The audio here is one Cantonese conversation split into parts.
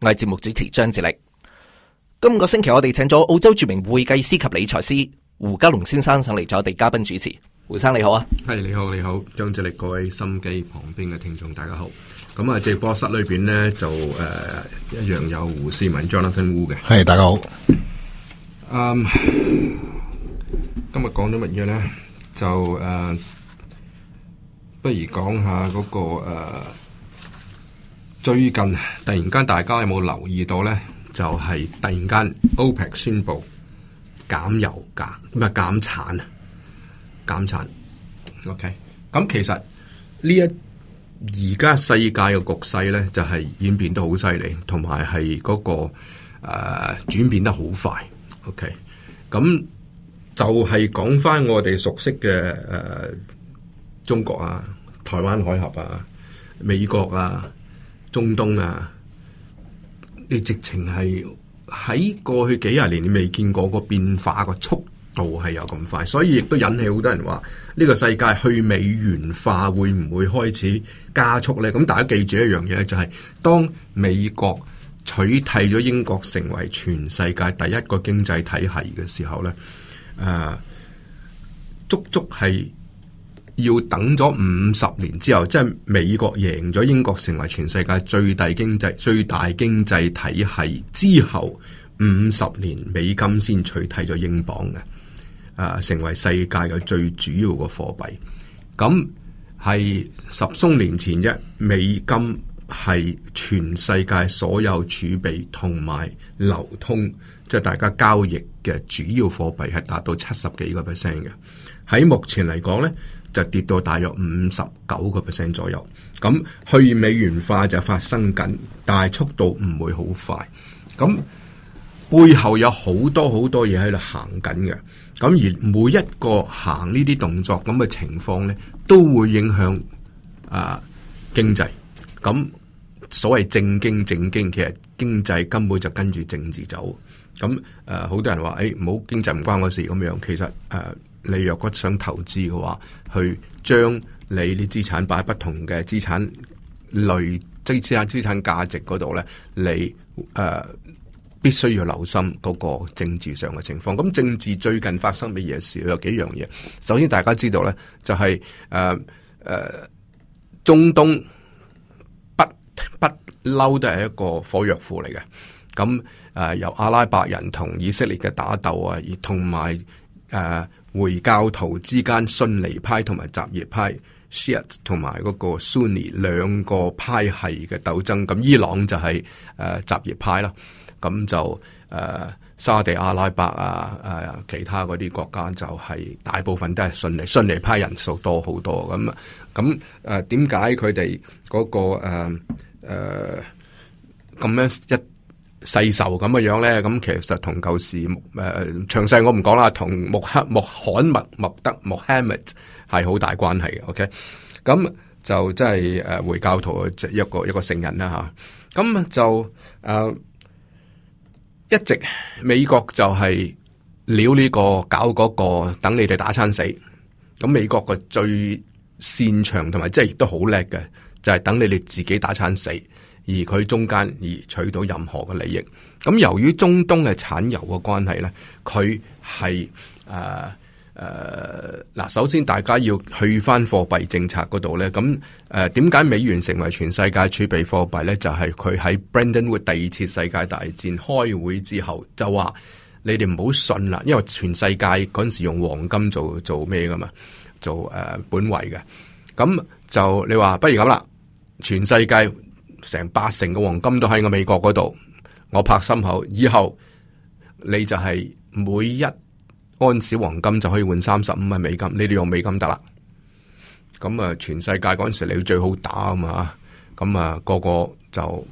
我係節目主持張智力，今個星期我哋請咗澳洲著名會計師及理財師胡嘉龍先生上嚟做我哋嘉賓主持。胡生你好啊，係你好你好，張智力各位心機旁邊嘅聽眾大家好，咁啊直播室裏邊呢，就誒、呃、一樣有胡思敏 Jonathan Wu 嘅，係大家好。嗯、um，今日講咗乜嘢呢？就誒、呃，不如講下嗰個誒。呃最近突然間，大家有冇留意到呢？就係、是、突然間，OPEC 宣布減油減咩減產，減產。OK，咁其實呢一而家世界嘅局勢呢，就係、是、演變得好犀利，同埋係嗰個誒轉、呃、變得好快。OK，咁就係講翻我哋熟悉嘅誒、呃，中國啊，台灣海峽啊，美國啊。中東啊，你直情係喺過去幾廿年你未見過個變化個速度係有咁快，所以亦都引起好多人話呢、呢個世界去美元化會唔會開始加速呢？」咁大家記住一樣嘢就係、是、當美國取代咗英國成為全世界第一個經濟體系嘅時候呢誒、啊，足足係。要等咗五十年之後，即係美國贏咗英國，成為全世界最大經濟、最大經濟體系之後，五十年美金先取替咗英鎊嘅，成為世界嘅最主要嘅貨幣。咁係十多年前，一美金係全世界所有儲備同埋流通，即係大家交易嘅主要貨幣，係達到七十幾個 percent 嘅。喺目前嚟講呢。就跌到大約五十九個 percent 左右，咁去美元化就發生緊，但係速度唔會好快。咁背後有好多好多嘢喺度行緊嘅，咁而每一個行呢啲動作咁嘅情況呢，都會影響啊經濟。咁所謂政經政經，其實經濟根本就跟住政治走。咁誒，啊，好多人話誒唔好經濟唔關我事咁樣，其實誒。啊你若果想投資嘅話，去將你啲資產擺喺不同嘅資產類，即係資產資產價值嗰度咧，你誒、呃、必須要留心嗰個政治上嘅情況。咁政治最近發生乜嘢事？有幾樣嘢。首先大家知道咧、就係，就係誒誒，中東不不嬲都係一個火藥庫嚟嘅。咁誒、呃、由阿拉伯人同以色列嘅打鬥啊，同埋誒。呃回教徒之間遜尼派同埋什葉派、Shia 同埋嗰個 Sunni 兩個派系嘅鬥爭，咁伊朗就係什葉派啦，咁就誒、呃、沙地阿拉伯啊、呃、其他嗰啲國家就係大部分都係遜尼遜尼派人數多好多咁，咁誒點解佢哋嗰個誒咁、呃呃、樣一？世仇咁嘅樣咧，咁其實同舊時誒詳細我唔講啦，同穆克穆罕默穆德穆罕默係好大關係嘅。OK，咁就即係誒回教徒即一個一個聖人啦吓。咁、啊、就誒、啊、一直美國就係撩呢個搞嗰個，等、那個、你哋打餐死。咁美國嘅最擅長同埋即係亦都好叻嘅，就係、是、等你哋自己打餐死。而佢中間而取到任何嘅利益，咁由於中東嘅產油嘅關係咧，佢係誒誒嗱，首先大家要去翻貨幣政策嗰度咧，咁誒點解美元成為全世界儲備貨幣咧？就係、是、佢喺 Bretton Woods 第二次世界大戰開會之後就話你哋唔好信啦，因為全世界嗰陣時用黃金做做咩噶嘛？做誒、呃、本位嘅，咁就你話不如咁啦，全世界。成八成嘅黃金都喺我美國嗰度，我拍心口，以後你就係每一安士黃金就可以換三十五萬美金，呢啲用美金得啦。咁啊，全世界嗰陣時你要最好打咁嘛。咁啊，個個就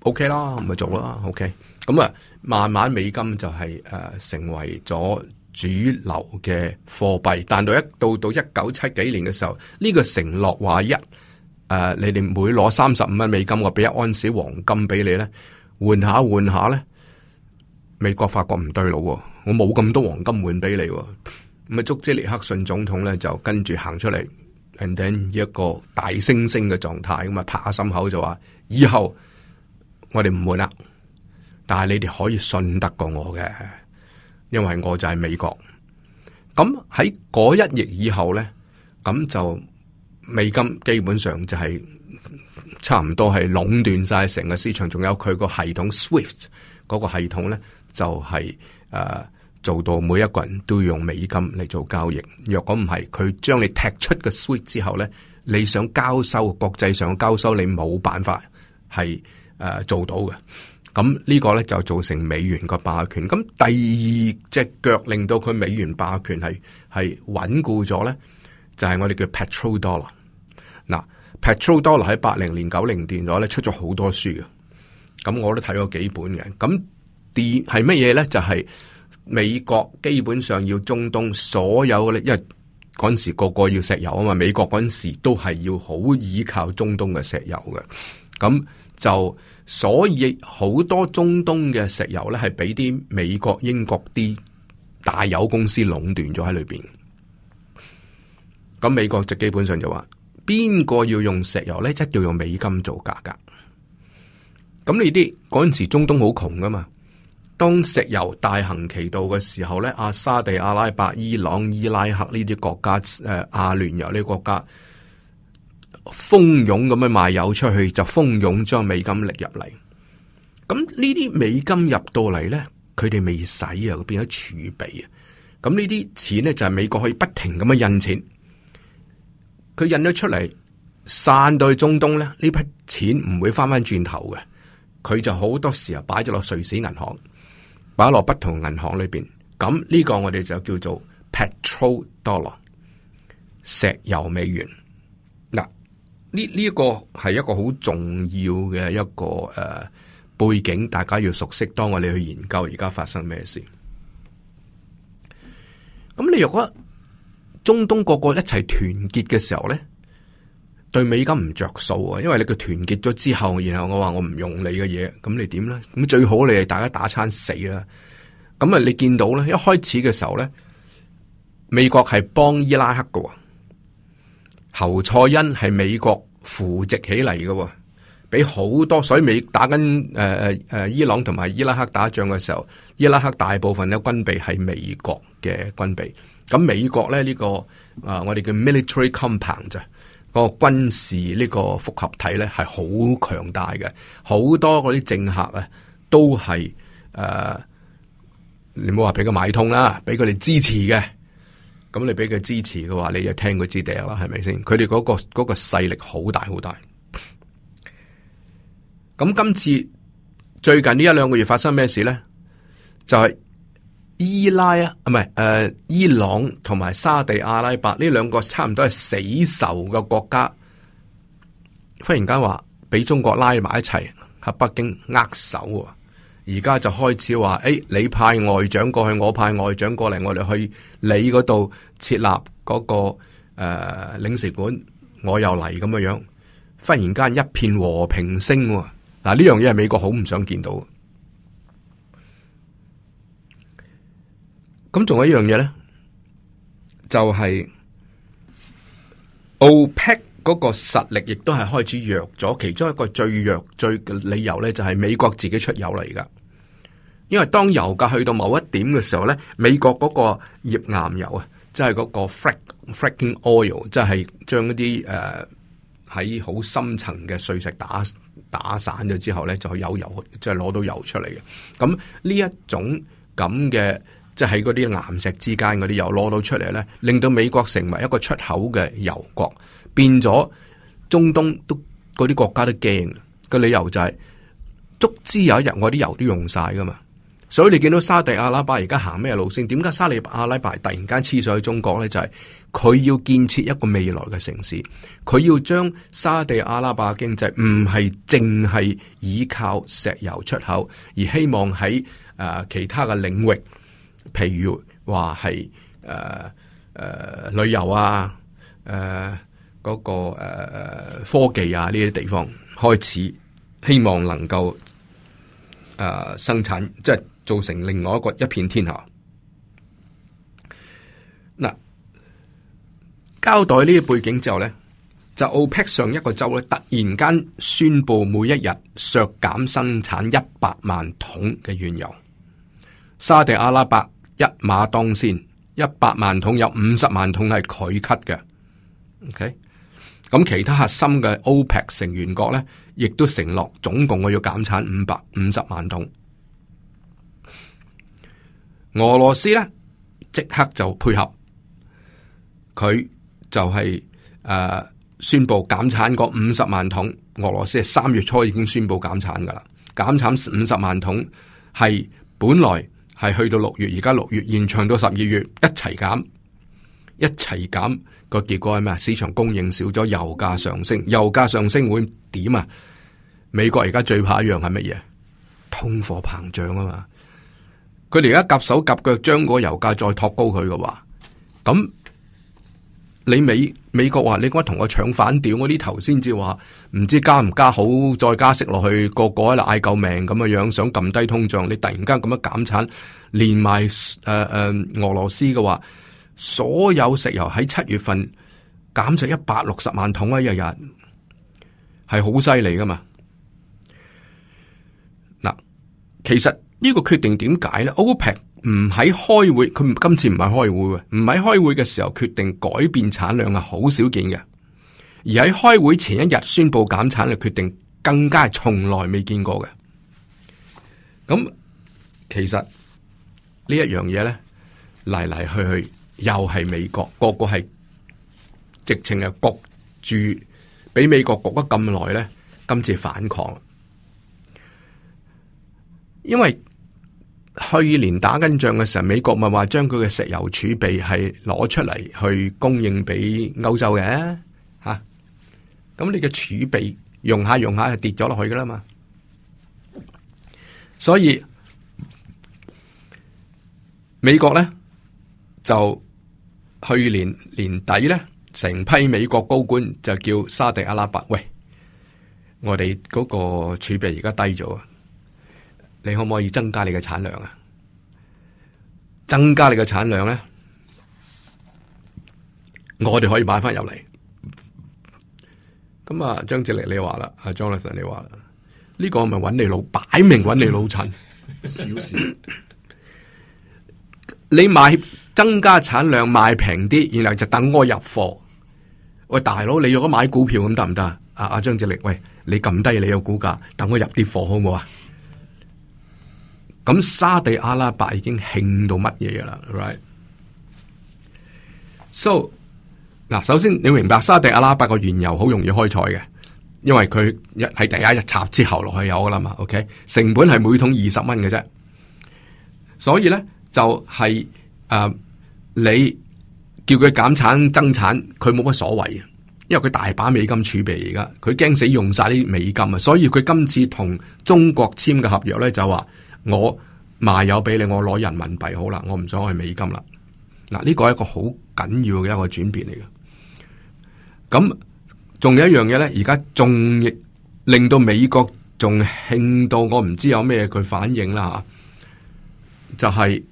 OK 啦，咪做啦 OK。咁啊，慢慢美金就係、是呃、成為咗主流嘅貨幣，但到一到到一九七幾年嘅時候，呢、這個承諾話一。誒，你哋每攞三十五蚊美金，我俾一安士黃金俾你咧，換下換下咧。美國發覺唔對路，我冇咁多黃金換俾你。咁啊，祝杰尼克遜總統咧就跟住行出嚟，and then 一個大猩猩嘅狀態咁啊，拍下心口就話：以後我哋唔換啦。但係你哋可以信得過我嘅，因為我就係美國。咁喺嗰一役以後咧，咁就。美金基本上就係差唔多係壟斷晒成個市場，仲有佢個系統 SWIFT 嗰個系統咧，就係誒做到每一個人都要用美金嚟做交易。若果唔係，佢將你踢出個 SWIFT 之後咧，你想交收國際上嘅交收，你冇辦法係誒做到嘅。咁呢個咧就造成美元嘅霸權。咁第二隻腳令到佢美元霸權係係穩固咗咧，就係我哋叫 Petrol Dollar。嗱 Petrodollar 喺八零年九零年咗咧出咗好多書啊。咁我都睇過幾本嘅。咁 d 係乜嘢咧？就係、是、美國基本上要中東所有咧，因為嗰陣時個個要石油啊嘛。美國嗰陣時都係要好依靠中東嘅石油嘅。咁就所以好多中東嘅石油咧，係俾啲美國、英國啲大油公司壟斷咗喺裏邊。咁美國就基本上就話。邊個要用石油呢？即係要用美金做價格。咁呢啲嗰陣時中東好窮噶嘛？當石油大行其道嘅時候呢，阿沙地、阿拉伯、伊朗、伊拉克呢啲國家，誒，阿聯酋呢啲國家，蜂擁咁樣賣油出去，就蜂擁將美金拎入嚟。咁呢啲美金入到嚟呢，佢哋未使啊，佢變咗儲備啊。咁呢啲錢呢，就係美國可以不停咁樣印錢。佢印咗出嚟，散到去中東咧，呢筆錢唔會翻翻轉頭嘅，佢就好多時候擺咗落瑞士銀行，擺落不同銀行裏邊，咁呢個我哋就叫做 petro dollar，石油美元。嗱，呢呢、這個、一個係一個好重要嘅一個誒背景，大家要熟悉，當我哋去研究而家發生咩事。咁你如果。中東各國一齊團結嘅時候咧，對美金唔着數啊！因為你佢團結咗之後，然後我話我唔用你嘅嘢，咁你點咧？咁最好你係大家打餐死啦！咁啊，你見到咧，一開始嘅時候咧，美國係幫伊拉克噶，侯賽恩係美國扶植起嚟喎，俾好多所以美打緊誒誒誒伊朗同埋伊拉克打仗嘅時候，伊拉克大部分嘅軍備係美國嘅軍備。咁美國咧呢、呢個啊、呃、我哋叫 military compound 啫，個軍事呢個複合體咧係好強大嘅，好多嗰啲政客啊都係誒、呃，你冇話俾佢買通啦，俾佢哋支持嘅，咁你俾佢支持嘅話，你就聽佢支笛啦，係咪先？佢哋嗰個嗰、嗰個勢力好大好大。咁今次最近呢一兩個月發生咩事咧？就係、是。伊拉克啊，唔係誒，伊朗同埋沙地阿拉伯呢兩個差唔多係死仇嘅國家，忽然間話俾中國拉埋一齊，喺北京握手，而家就開始話：誒、哎，你派外長過去，我派外長過嚟，我哋去你嗰度設立嗰、嗰個誒、呃、領事館，我又嚟咁嘅樣，忽然間一片和平聲，嗱呢樣嘢係美國好唔想見到。咁仲有一樣嘢咧，就係、是、OPEC 嗰個實力亦都係開始弱咗。其中一個最弱最嘅理由咧，就係美國自己出油嚟噶。因為當油價去到某一點嘅時候咧，美國嗰個頁岩油啊，即係嗰個 fracking oil，即係將一啲誒喺好深層嘅碎石打打散咗之後咧，就可以有油，即係攞到油出嚟嘅。咁呢一種咁嘅。即係嗰啲岩石之間嗰啲油攞到出嚟咧，令到美國成為一個出口嘅油國，變咗中東都嗰啲國家都驚，個理由就係、是、足之有一日我啲油都用晒噶嘛，所以你見到沙地阿拉伯而家行咩路綫？點解沙里阿拉伯突然間黐上去中國咧？就係、是、佢要建設一個未來嘅城市，佢要將沙地阿拉伯嘅經濟唔係淨係倚靠石油出口，而希望喺誒、呃、其他嘅領域。譬如話係誒誒旅遊啊，誒嗰、呃那個誒、呃、科技啊，呢啲地方開始，希望能夠誒、呃、生產，即係造成另外一個一片天下嗱。交代呢個背景之後咧，就 OPEC 上一個周咧突然間宣布每一日削減生產一百萬桶嘅原油，沙地阿拉伯。一馬當先，一百萬桶有五十萬桶係佢咳嘅，OK。咁其他核心嘅 OPEC 成員國呢，亦都承諾，總共我要減產五百五十萬桶。俄羅斯呢，即刻就配合，佢就係、是、誒、呃、宣布減產嗰五十萬桶。俄羅斯係三月初已經宣布減產噶啦，減產五十萬桶係本來。係去到六月，而家六月延長到十二月，一齊減，一齊減，個結果係咩啊？市場供應少咗，油價上升，油價上升會點啊？美國而家最怕一樣係乜嘢？通貨膨脹啊嘛！佢哋而家夾手夾腳將個油價再托高佢嘅話，咁你美？美國話你應該同我搶反調，我呢頭先至話唔知加唔加好，再加息落去，個個喺度嗌救命咁嘅樣，想撳低通脹。你突然間咁樣減產，連埋誒誒俄羅斯嘅話，所有石油喺七月份減咗一百六十萬桶啊，日日係好犀利噶嘛。嗱，其實呢個決定點解咧？OPEC 唔喺開會，佢今次唔係開會，唔喺開會嘅時候決定改變產量係好少見嘅，而喺開會前一日宣佈減產嘅決定，更加係從來未見過嘅。咁其實呢一樣嘢咧嚟嚟去去又係美國，個個係直情係焗住，俾美國焗得咁耐咧，今次反抗，因為。去年打緊仗嘅時候，美國咪話將佢嘅石油儲備係攞出嚟去供應俾歐洲嘅吓，咁、啊、你嘅儲備用下用下就跌咗落去噶啦嘛，所以美國咧就去年年底咧成批美國高官就叫沙特阿拉伯，喂，我哋嗰個儲備而家低咗啊！你可唔可以增加你嘅產量啊？增加你嘅產量咧，我哋可以買翻入嚟。咁啊，張哲力，你話啦，阿 Jonathan 你話啦，呢個咪揾你老，擺明揾你老陳。小事，你買增加產量賣平啲，然後就等我入貨。喂，大佬，你如果買股票咁得唔得啊？阿阿張哲力，喂，你撳低你個股價，等我入啲貨好唔好啊？咁沙地阿拉伯已經興到乜嘢噶啦，right？So 嗱，right? so, 首先你明白沙地阿拉伯個原油好容易開採嘅，因為佢一喺第一日插之後落去有噶啦嘛，OK？成本係每桶二十蚊嘅啫，所以咧就係、是、誒、呃，你叫佢減產增產，佢冇乜所謂啊，因為佢大把美金儲備而家，佢驚死用晒啲美金啊，所以佢今次同中國簽嘅合約咧就話。我賣油畀你，我攞人民幣好啦，我唔想去美金啦。嗱，呢個係一個好緊要嘅一個轉變嚟嘅。咁仲有一樣嘢咧，而家仲令到美國仲興到，我唔知有咩佢反應啦吓。就係、是、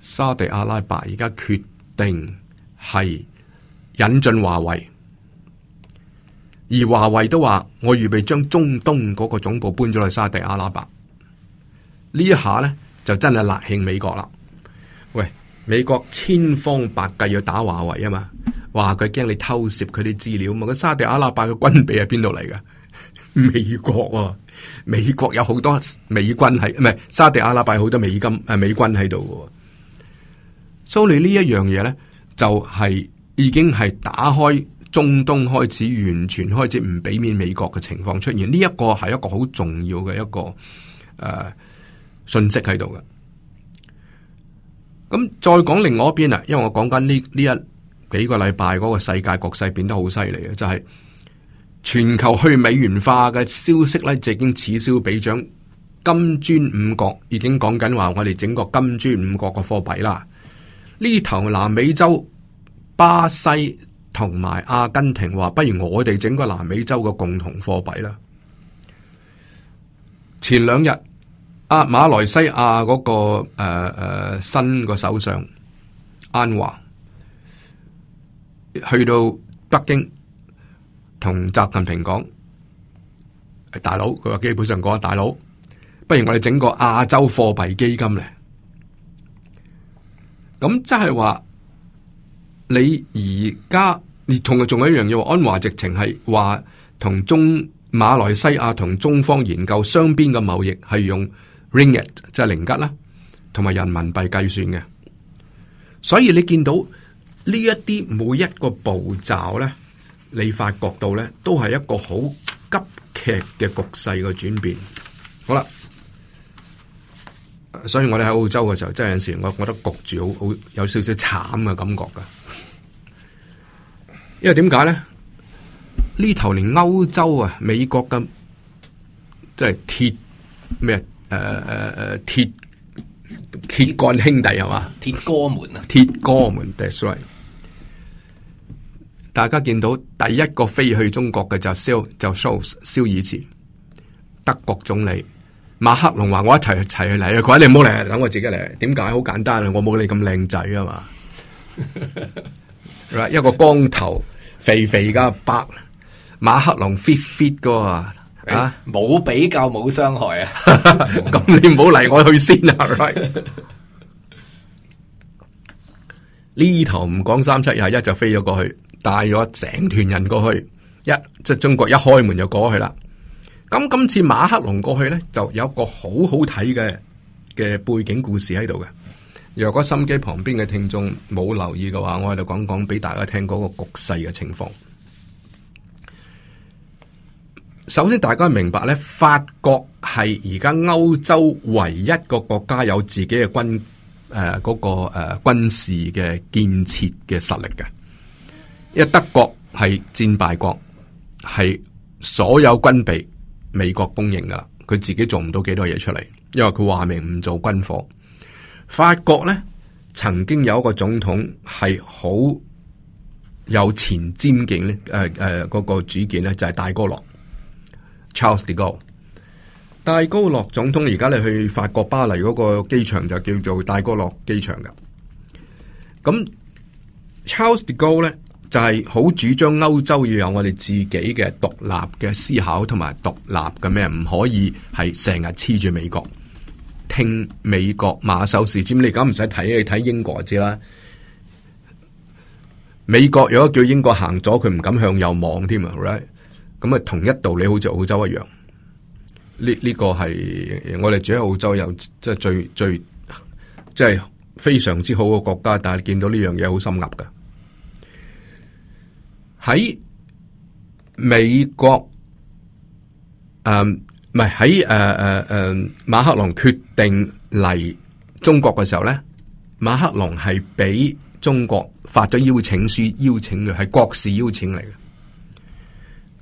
沙特阿拉伯而家決定係引進華為，而華為都話我預備將中東嗰個總部搬咗去沙特阿拉伯。呢一下呢，就真係辣興美國啦。喂，美國千方百計要打華為啊嘛，話佢驚你偷攝佢啲資料。嘛。啊，沙地阿拉伯嘅軍備喺邊度嚟噶？美國、啊，美國有好多美軍喺唔係沙地阿拉伯好多美金誒美軍喺度。所以呢一樣嘢呢，就係、是、已經係打開中東開始完全開始唔俾面美國嘅情況出現。呢一個係一個好重要嘅一個誒。呃信息喺度嘅，咁再講另外一邊啊，因為我講緊呢呢一幾個禮拜嗰個世界局勢變得好犀利啊，就係全球去美元化嘅消息呢，就已經此消彼長。金磚五國已經講緊話，我哋整個金磚五國嘅貨幣啦。呢頭南美洲巴西同埋阿根廷話，不如我哋整個南美洲嘅共同貨幣啦。前兩日。阿、啊、馬來西亞嗰、那個誒誒、啊啊、新個首相安華去到北京同習近平講，大佬，佢話基本上講啊大佬，不如我哋整個亞洲貨幣基金咧。咁即係話你而家你同佢仲有一樣嘢，安華直情係話同中馬來西亞同中方研究雙邊嘅貿易係用。Ringgit 即係零吉啦，同埋人民幣計算嘅，所以你見到呢一啲每一個步驟咧，你發覺到咧，都係一個好急劇嘅局勢嘅轉變。好啦，所以我哋喺澳洲嘅時候，真係有陣時我覺得焗住，好好有少少慘嘅感覺噶。因為點解咧？呢頭連歐洲啊、美國嘅即係鐵咩？就是誒誒誒，鐵鐵桿兄弟係嘛？鐵哥們啊，鐵哥們 ，that's right。大家見到第一個飛去中國嘅就肖就肖肖爾茨，德國總理馬克龍話：我一齊去齊去嚟，佢話你唔好嚟，等我自己嚟。點解？好簡單啊，我冇你咁靚仔啊嘛。 right, 一個光頭肥肥噶白馬克龍 fit fit 噶。肥肥啊、哎，冇比較冇傷害啊！咁、啊、 你唔好嚟我去先啊！呢頭唔講三七廿一,一就飛咗過去，帶咗成團人過去，一即係、就是、中國一開門就過去啦。咁今次馬克龍過去呢，就有一個好好睇嘅嘅背景故事喺度嘅。若果心機旁邊嘅聽眾冇留意嘅話，我喺度講講俾大家聽嗰個局勢嘅情況。首先，大家明白咧，法國係而家歐洲唯一一個國家有自己嘅軍誒，嗰、呃那個誒、呃、軍事嘅建設嘅實力嘅。因為德國係戰敗國，係所有軍備美國供應噶啦，佢自己做唔到幾多嘢出嚟，因為佢話明唔做軍火。法國咧，曾經有一個總統係好有前瞻勁咧，誒、呃、誒，呃那個主見咧就係戴高樂。Charles de Gaulle，戴高樂總統，而家你去法國巴黎嗰個機場就叫做戴高樂機場噶。咁 Charles de Gaulle 咧就係、是、好主張歐洲要有我哋自己嘅獨立嘅思考同埋獨立嘅咩，唔可以係成日黐住美國聽美國馬首是瞻。你而家唔使睇，你睇英國知啦。美國如果叫英國行咗，佢唔敢向右望添啊，right？咁啊，同一道理，好似澳洲一樣。呢呢個係我哋住喺澳洲又即係最最即係非常之好嘅國家，但係見到呢樣嘢好心噏㗎。喺美國，嗯、呃，唔係喺誒誒誒馬克龍決定嚟中國嘅時候咧，馬克龍係俾中國發咗邀請書，邀請嘅係國事邀請嚟嘅。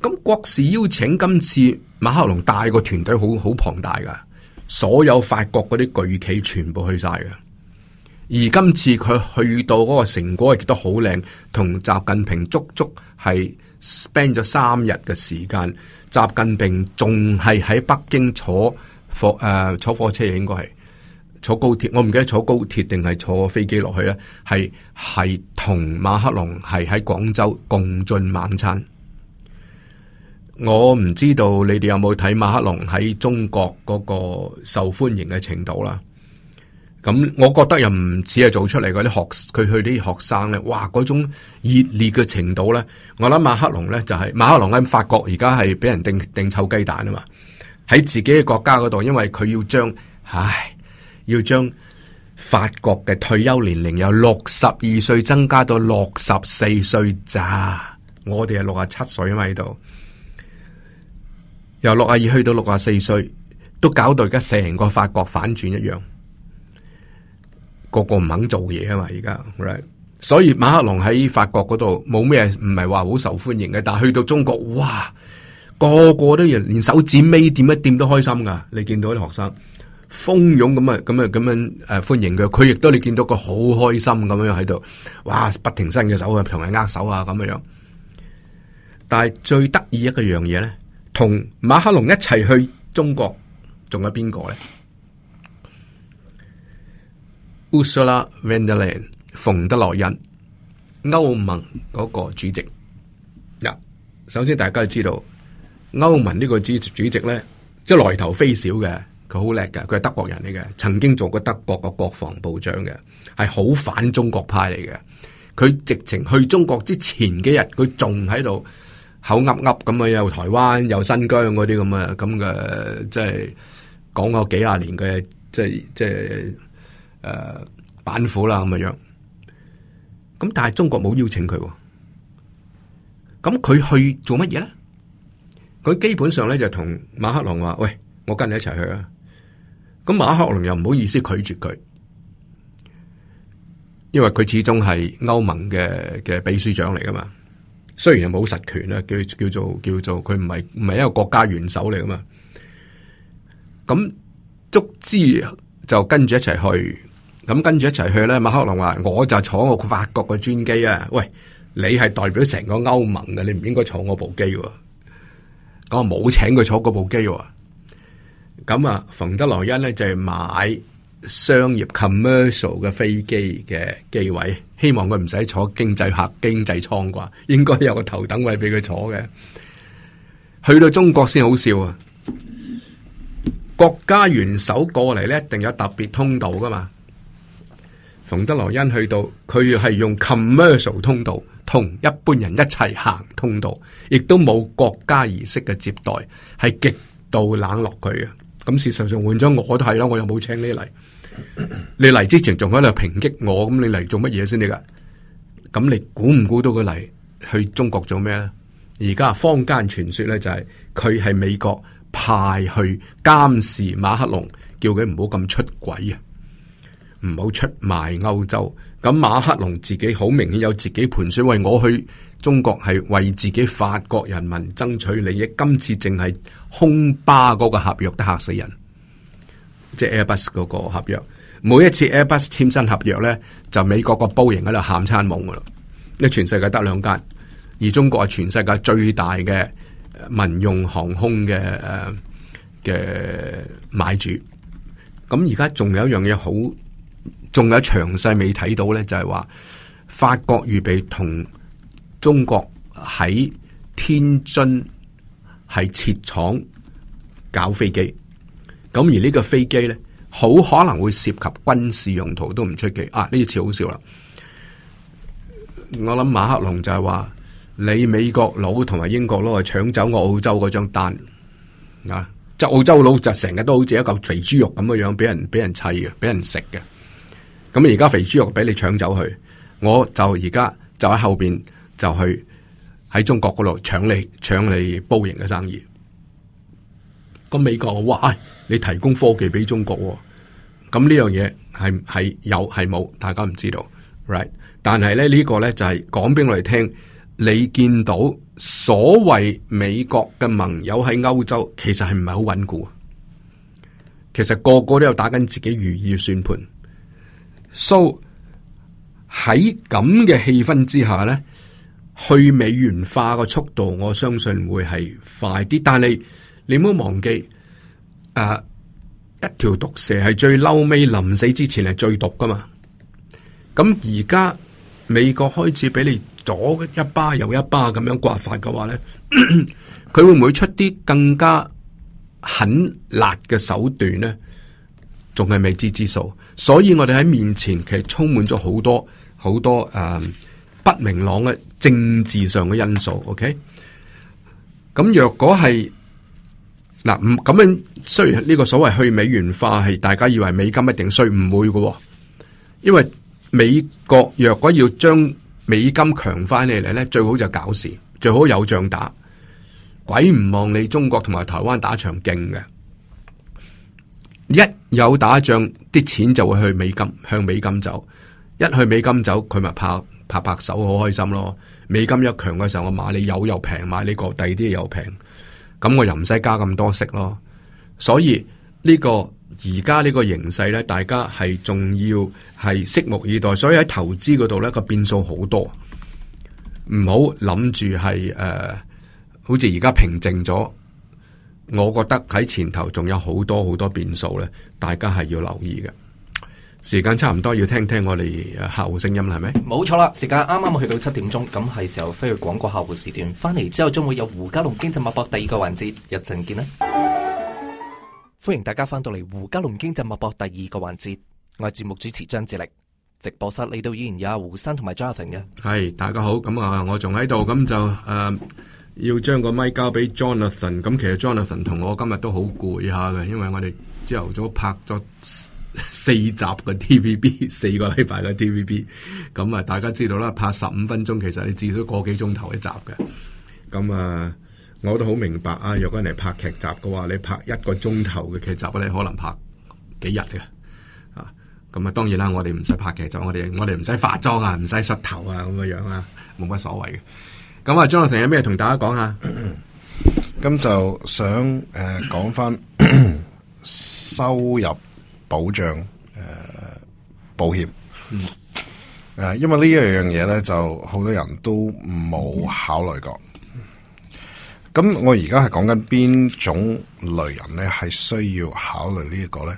咁國事邀請，今次馬克龍帶個團隊好好龐大噶，所有法國嗰啲巨企全部去晒㗎。而今次佢去到嗰個成果亦都好靚，同習近平足足係 spend 咗三日嘅時間。習近平仲係喺北京坐火誒、啊、坐火車應該，應該係坐高鐵。我唔記得坐高鐵定係坐飛機落去咧。係係同馬克龍係喺廣州共進晚餐。我唔知道你哋有冇睇馬克龍喺中國嗰個受歡迎嘅程度啦。咁我覺得又唔似係做出嚟嗰啲學，佢去啲學生咧，哇，嗰種熱烈嘅程度咧，我諗馬克龍咧就係、是、馬克龍喺法國而家係俾人掟掟臭雞蛋啊嘛。喺自己嘅國家嗰度，因為佢要將，唉，要將法國嘅退休年齡由六十二歲增加到六十四歲咋。我哋係六十七歲啊嘛喺度。由六啊二去到六啊四歲，都搞到而家成個法國反轉一樣，個個唔肯做嘢啊嘛！而家，right? 所以馬克龍喺法國嗰度冇咩，唔係話好受歡迎嘅。但係去到中國，哇，個個都要連手指尾點一點都開心噶。你見到啲學生蜂擁咁啊，咁啊，咁樣誒歡迎佢。佢亦都你見到佢好開心咁樣喺度，哇，不停伸隻手啊，同人握手啊，咁樣樣。但係最得意一個樣嘢咧。同馬克龍一齊去中國，仲有邊個咧？烏蘇拉·溫德蘭，馮德萊恩，歐盟嗰個主席。嗱，首先大家知道歐盟呢個主主席咧，即係來頭非小嘅，佢好叻嘅，佢係德國人嚟嘅，曾經做過德國個國防部長嘅，係好反中國派嚟嘅。佢直情去中國之前幾日，佢仲喺度。口噏噏咁，又台灣又新疆嗰啲咁咁嘅，即係講咗幾廿年嘅，即係即係誒、呃、板斧啦咁樣咁，但係中國冇邀請佢喎，咁佢去做乜嘢咧？佢基本上咧就同馬克龍話：「喂，我跟你一齊去啊！咁馬克龍又唔好意思拒絕佢，因為佢始終係歐盟嘅嘅秘書長嚟㗎嘛。雖然係冇實權啦，叫叫做叫做佢唔係唔係一個國家元首嚟噶嘛，咁足之就跟住一齊去，咁跟住一齊去呢，馬克龍話：我就坐我法國嘅專機啊！喂，你係代表成個歐盟嘅，你唔應該坐我部機。咁我冇請佢坐嗰部機喎。咁啊，馮德萊恩呢，就係買商業 commercial 嘅飛機嘅機位。希望佢唔使坐經濟客、經濟艙啩，應該有個頭等位俾佢坐嘅。去到中國先好笑啊！國家元首過嚟咧，一定有特別通道噶嘛。馮德萊恩去到，佢係用 commercial 通道，同一般人一齊行通道，亦都冇國家儀式嘅接待，係極度冷落佢嘅。咁事實上換咗我都係啦，我又冇請你嚟。 你嚟之前仲喺度抨擊我，咁你嚟做乜嘢先你噶？咁你估唔估到佢嚟去中國做咩呢？而家坊間傳說呢，說就係佢係美國派去監視馬克龍，叫佢唔好咁出軌啊，唔好出賣歐洲。咁馬克龍自己好明顯有自己盤算，為我去中國係為自己法國人民爭取利益。今次淨係空巴嗰個合約都嚇死人。即係 Airbus 嗰個合約，每一次 Airbus 簽新合約咧，就美國個波音喺度喊餐懵噶啦，因為全世界得兩間，而中國係全世界最大嘅民用航空嘅誒嘅買主。咁而家仲有一樣嘢好，仲有詳細未睇到咧，就係話法國預備同中國喺天津係設廠搞飛機。咁而呢個飛機呢，好可能會涉及軍事用途都唔出奇啊。呢次好笑啦，我諗馬克龍就係話你美國佬同埋英國佬係搶走我澳洲嗰張單啊。即澳洲佬就成日都好似一嚿肥豬肉咁嘅樣，俾人俾人砌嘅，俾人食嘅。咁而家肥豬肉俾你搶走去，我就而家就喺後邊就去喺中國嗰度搶你搶你暴營嘅生意。咁美國嘅話。你提供科技俾中國，哦，咁呢樣嘢，係係有係冇，大家唔知道，right，但係咧，呢、呢個咧就係講俾我哋聽，你見到所謂美國嘅盟友喺歐洲，其實係唔係好穩固，其實個個都有打緊自己如意算盤，so 喺咁嘅氣氛之下咧，去美元化嘅速度，我相信會係快啲。但係你唔好忘記。誒、uh，一條毒蛇係最嬲尾，臨死之前係最毒噶嘛？咁而家美國開始俾你左一巴，右一巴咁樣刮法嘅話咧，佢 會唔會出啲更加狠辣嘅手段咧？仲係未知之數。所以我哋喺面前其實充滿咗好多好多誒、uh, 不明朗嘅政治上嘅因素。OK，咁若果係。嗱，咁樣雖然呢個所謂去美元化係大家以為美金一定衰，唔會喎，因為美國若果要將美金強翻起嚟咧，最好就搞事，最好有仗打。鬼唔望你中國同埋台灣打場勁嘅，一有打仗，啲錢就會去美金，向美金走。一去美金走，佢咪拍拍拍手好開心咯。美金一強嘅時候，我買你有又平，買你個第啲嘢又平。咁我又唔使加咁多息咯，所以呢個而家呢個形勢咧，大家係仲要係拭目以待。所以喺投資嗰度咧，個變數好多，唔好諗住係誒，好似而家平靜咗。我覺得喺前頭仲有好多好多變數咧，大家係要留意嘅。時間差唔多要聽聽我哋客戶聲音啦，係咪？冇錯啦，時間啱啱去到七點鐘，咁係時候飛去廣告客戶時段，翻嚟之後將會有胡嘉龍經濟脈搏第二個環節，一陣見啦！歡迎大家翻到嚟胡嘉龍經濟脈搏第二個環節，我係節目主持張志力，直播室嚟到依然有胡生同埋 Jonathan 嘅。係，大家好，咁啊，我仲喺度，咁就誒、呃、要將個麥交俾 Jonathan，咁其實 Jonathan 同我今日都好攰下嘅，因為我哋朝頭早拍咗。四集嘅 TVB，四個禮拜嘅 TVB，咁啊，大家知道啦，拍十五分鐘，其實你至少個幾鐘頭一集嘅。咁啊，我都好明白啊。若果你拍劇集嘅話，你拍一個鐘頭嘅劇集你可能拍幾日嘅。啊，咁啊，當然啦，我哋唔使拍劇集，我哋我哋唔使化妝啊，唔使梳頭啊，咁嘅樣啊，冇乜所謂嘅。咁啊，張樂成有咩同大家講啊？咁就想誒講翻收入。保障誒、呃，保險，誒、嗯啊，因為這呢一樣嘢咧，就好多人都冇考慮過。咁、嗯、我而家係講緊邊種類人咧，係需要考慮呢一個咧？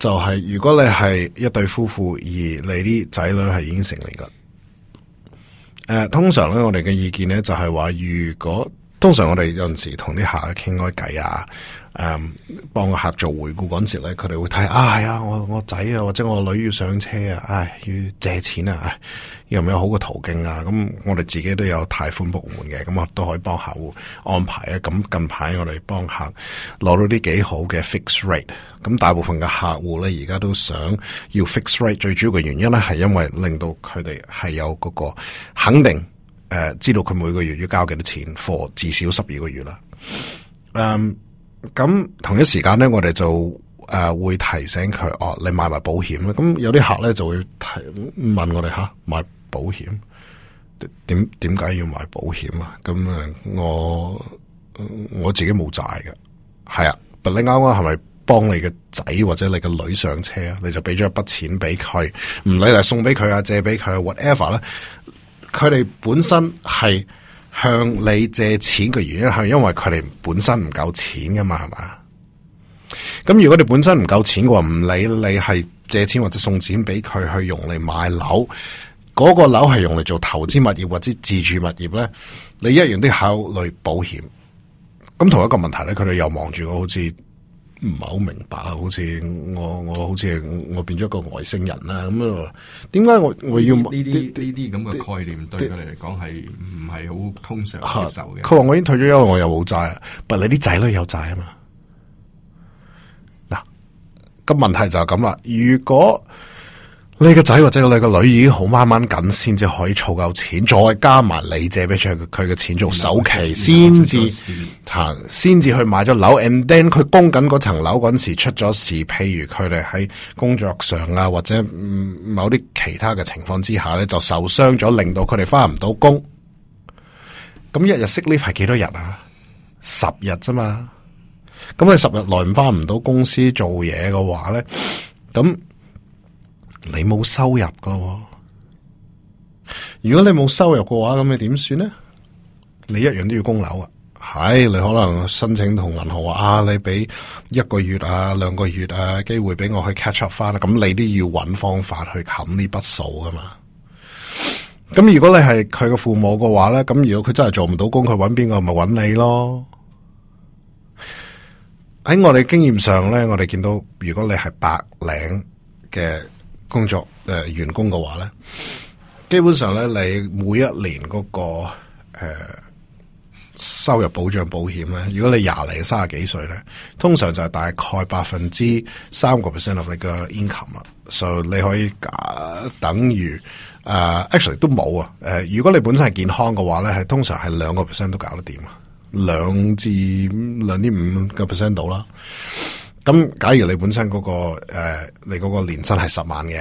就係、是、如果你係一對夫婦，而你啲仔女係已經成年噶，誒、啊，通常咧，我哋嘅意見咧就係話，如果通常我哋有陣時同啲客傾開偈啊。誒，幫個客做回顧嗰時咧，佢哋會睇啊，係啊，我我仔啊，或者我女要上車啊，唉，要借錢唉要要有啊，有冇好嘅途徑啊？咁我哋自己都有貸款部門嘅，咁我都可以幫客戶安排啊。咁近排我哋幫客攞到啲幾好嘅 fix rate，咁大部分嘅客戶咧而家都想要 fix rate，最主要嘅原因咧係因為令到佢哋係有嗰個肯定，誒、呃，知道佢每個月要交幾多錢，for 至少十二個月啦。Um, 咁同一時間咧，我哋就誒、呃、會提醒佢哦、啊，你買埋保險咧。咁有啲客咧就會提問我哋吓、啊，買保險點點解要買保險啊？咁我我自己冇債㗎。係啊，但係你啱啱係咪幫你嘅仔或者你嘅女上車啊？你就俾咗一筆錢俾佢，唔理係送俾佢啊，借俾佢，whatever 咧，佢哋本身係。向你借錢嘅原因係因為佢哋本身唔夠錢噶嘛，係嘛？咁如果你本身唔夠錢嘅話，唔理你係借錢或者送錢俾佢去用嚟買樓，嗰個樓係用嚟做投資物業或者自住物業咧，你一樣都要考慮保險。咁同一個問題咧，佢哋又望住我好似，唔係好明白啊，好似我我好似我變咗一個外星人啦咁啊，點解我我要呢啲呢啲咁嘅概念對佢哋嚟講係唔係好通常接受嘅？佢、啊、話我已經退咗休，我又冇債啊，但你啲仔女有債啊嘛。嗱，個問題就係咁啦，如果。你個仔或者你個女已經好掹掹緊，先至可以儲夠錢，再加埋你借俾佢佢嘅錢做首期，先至先至去買咗樓。and then 佢供緊嗰層樓嗰陣時出咗事，譬如佢哋喺工作上啊，或者某啲其他嘅情況之下咧，就受傷咗，令到佢哋翻唔到工。咁一日息呢係幾多日啊？十日啫嘛。咁你十日內翻唔到公司做嘢嘅話咧，咁。你冇收入噶咯，如果你冇收入嘅話，咁你點算呢？你一樣都要供樓啊，係你可能申請同銀行啊，你俾一個月啊、兩個月啊，機會俾我去 catch up 翻啦。咁你都要揾方法去冚呢筆數噶嘛。咁如果你係佢嘅父母嘅話呢，咁如果佢真係做唔到工，佢揾邊個咪揾你咯。喺我哋經驗上呢，我哋見到如果你係白領嘅。工作誒、呃、員工嘅話咧，基本上咧你每一年嗰、嗰個、呃、收入保障保險咧，如果你廿零三十幾歲咧，通常就係大概百分之三個 percent of 你嘅 income 啊，所以你可以搞、呃、等於誒 actually、呃、都冇啊誒，如果你本身係健康嘅話咧，係通常係兩個 percent 都搞得掂啊，兩至兩點五個 percent 到啦。咁假如你本身嗰、那個誒、呃，你嗰個年薪係十萬嘅，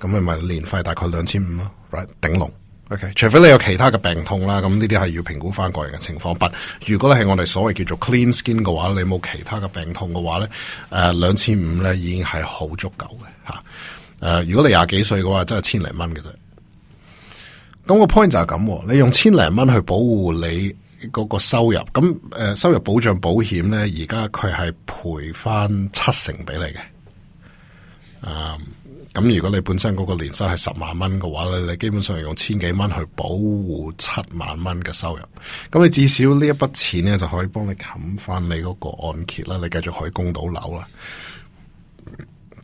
咁你咪年費大概兩千五咯，right 頂籠，ok。除非你有其他嘅病痛啦，咁呢啲係要評估翻個人嘅情況。不、呃呃，如果你係我哋所謂叫做 clean skin 嘅話，你冇其他嘅病痛嘅話咧，誒，兩千五咧已經係好足夠嘅吓。誒，如果你廿幾歲嘅話，真係千零蚊嘅啫。咁、那個 point 就係咁，你用千零蚊去保護你。嗰、那個收入咁誒、呃，收入保障保險呢，而家佢係賠翻七成俾你嘅。咁、um, 如果你本身嗰個年薪係十萬蚊嘅話呢，你基本上用千幾蚊去保護七萬蚊嘅收入，咁你至少呢一筆錢呢，就可以幫你冚翻你嗰個按揭啦，你繼續可以供到樓啦。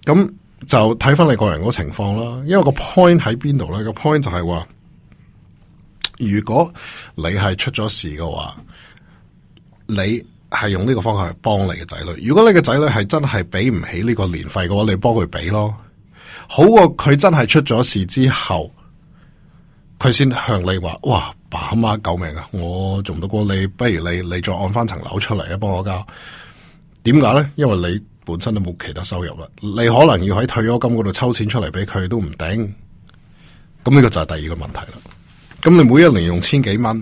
咁就睇翻你個人嗰個情況啦，因為個 point 喺邊度呢？個 point 就係話。如果你係出咗事嘅話，你係用呢個方向去幫你嘅仔女。如果你嘅仔女係真係俾唔起呢個年費嘅話，你幫佢俾咯，好過佢真係出咗事之後，佢先向你話：哇，爸媽救命啊！我做唔到過你，不如你你再按翻層樓出嚟啊，幫我交。點解咧？因為你本身都冇其他收入啦，你可能要喺退休金嗰度抽錢出嚟俾佢都唔頂。咁呢個就係第二個問題啦。咁你每一年用千幾蚊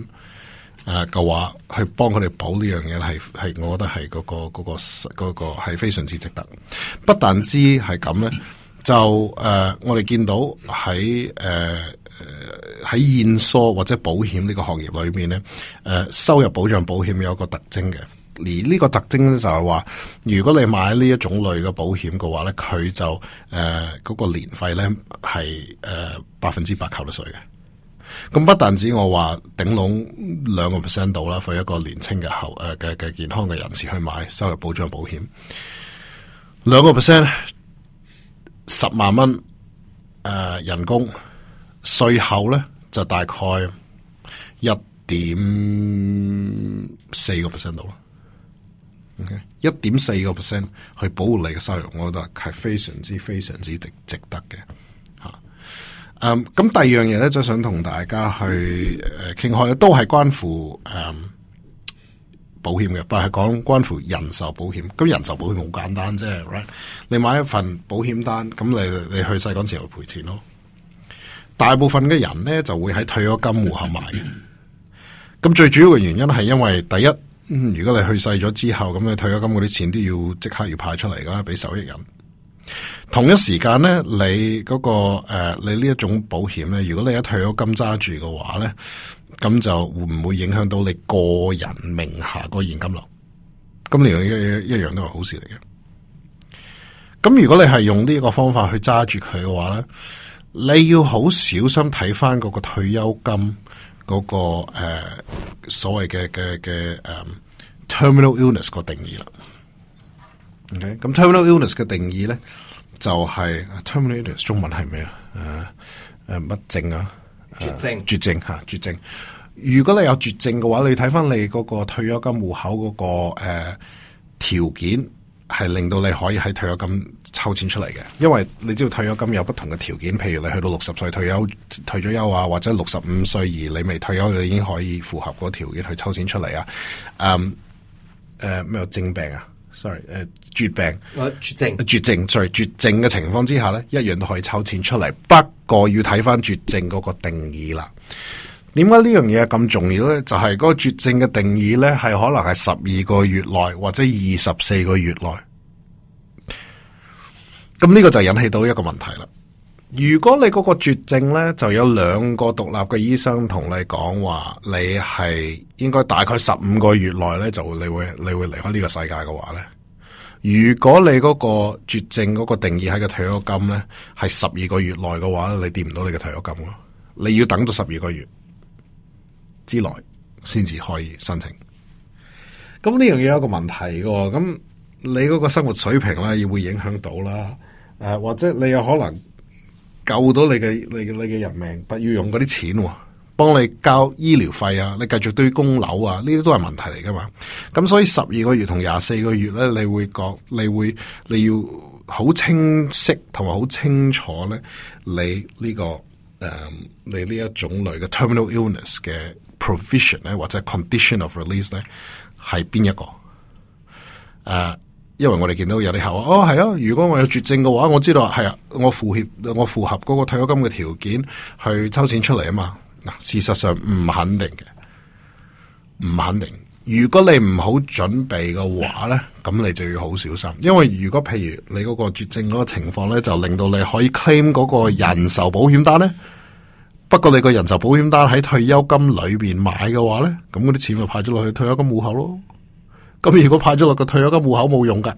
誒嘅話，去幫佢哋保呢樣嘢，係係我覺得係嗰、那個嗰、那個嗰、那個係非常之值得。不但之係咁咧，就誒、呃、我哋見到喺誒喺燕梳或者保險呢個行業裏面咧，誒、呃、收入保障保險有一個特徵嘅，而呢個特徵就係話，如果你買呢一種類嘅保險嘅話咧，佢就誒嗰、呃那個年費咧係誒百分之百扣得稅嘅。咁不但止我話頂籠兩個 percent 到啦，for 一個年輕嘅後誒嘅嘅健康嘅人士去買收入保障保險，兩個 percent 十萬蚊誒、呃、人工稅後咧就大概一點四個 percent 到啦。OK，一點四個 percent 去保護你嘅收入，我覺得係非常之非常之值值得嘅。咁、嗯、第二樣嘢咧，就想同大家去傾開、呃、都係關乎、嗯、保險嘅，但係講關乎人壽保險。咁、嗯、人壽保險好簡單啫，right? 你買一份保險單，咁你你去世嗰陣時就賠錢咯。大部分嘅人咧，就會喺退咗金戶口買咁 最主要嘅原因係因為，第一、嗯，如果你去世咗之後，咁你退咗金嗰啲錢都要即刻要派出嚟㗎啦，俾受益人。同一時間咧，你嗰、那個誒、呃，你呢一種保險咧，如果你一退休金揸住嘅話咧，咁就會唔會影響到你個人名下個現金流，咁樣一一,一樣都係好事嚟嘅。咁如果你係用呢個方法去揸住佢嘅話咧，你要好小心睇翻嗰個退休金嗰、那個誒、呃、所謂嘅嘅嘅誒 Terminal Illness 個定義啦。咁、okay. terminal illness 嘅定義咧，就係、是、terminal illness，中文係咩啊？誒誒乜症啊,啊？絕症，絕症吓、啊，絕症。如果你有絕症嘅話，你睇翻你嗰個退休金戶口嗰、那個誒條、啊、件，係令到你可以喺退休金抽錢出嚟嘅。因為你知道退休金有不同嘅條件，譬如你去到六十歲退休退咗休,休啊，或者六十五歲而你未退休，你已經可以符合嗰個條件去抽錢出嚟啊。嗯、啊，誒、啊、咩有症病啊？sorry，誒、啊。絕病、啊，絕症，絕症在絕症嘅情況之下呢一樣都可以抽錢出嚟，不過要睇翻絕症嗰個定義啦。點解呢樣嘢咁重要呢？就係、是、嗰個絕症嘅定義呢，係可能係十二個月內或者二十四個月內。咁呢個就引起到一個問題啦。如果你嗰個絕症呢，就有兩個獨立嘅醫生同你講話，你係應該大概十五個月內呢，就你會你會離開呢個世界嘅話呢。如果你嗰個絕症嗰個定義喺個退休金咧，係十二個月內嘅話，你掂唔到你嘅退休金咯。你要等咗十二個月之內，先至可以申請。咁、嗯、呢樣嘢，有一個問題嘅，咁你嗰個生活水平咧，亦會影響到啦。誒，或者你有可能救到你嘅你嘅你嘅人命，不要用嗰啲錢。幫你交醫療費啊，你繼續堆供樓啊，呢啲都係問題嚟噶嘛。咁所以十二個月同廿四個月咧，你會覺得你會你要好清晰同埋好清楚咧，你呢、這個誒、um, 你呢一種類嘅 terminal illness 嘅 provision 咧，或者 condition of release 咧係邊一個？誒、uh,，因為我哋見到有啲客話哦係啊，如果我有絕症嘅話，我知道係啊，我符合我符合嗰個退休金嘅條件去抽錢出嚟啊嘛。事實上唔肯定嘅，唔肯定。如果你唔好準備嘅話呢，咁你就要好小心。因為如果譬如你嗰個絕症嗰個情況呢，就令到你可以 claim 嗰個人壽保險單呢。不過你個人壽保險單喺退休金裏邊買嘅話呢，咁嗰啲錢咪派咗落去退休金戶口咯。咁如果派咗落個退休金戶口冇用噶。